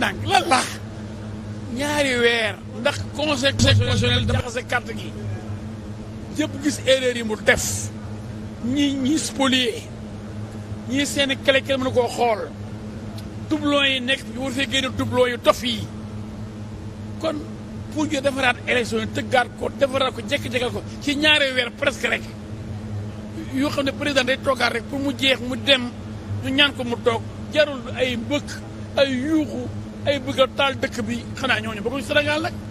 ndànk lan la ñaari weer ndax conseil constitutionnel dafa sa carte gi yëpp gis erreur yi mu def ñi ñi spolier ñii seeni clé kenn mënu koo xool doublon yi nekk ñu war fee génne doublon yi dof yi kon pour ñu defaraat élection yi tëggaat ko defaraat ko jekk-jekkal ko ci ñaari weer presque rek yoo xam ne président day toogaat rek pour mu jeex mu dem ñu ñaan ko mu toog jarul ay mbëkk ay yuuxu ay bëgg a taal dëkk bi xanaa ñooñu bëgguñu Sénégal nag.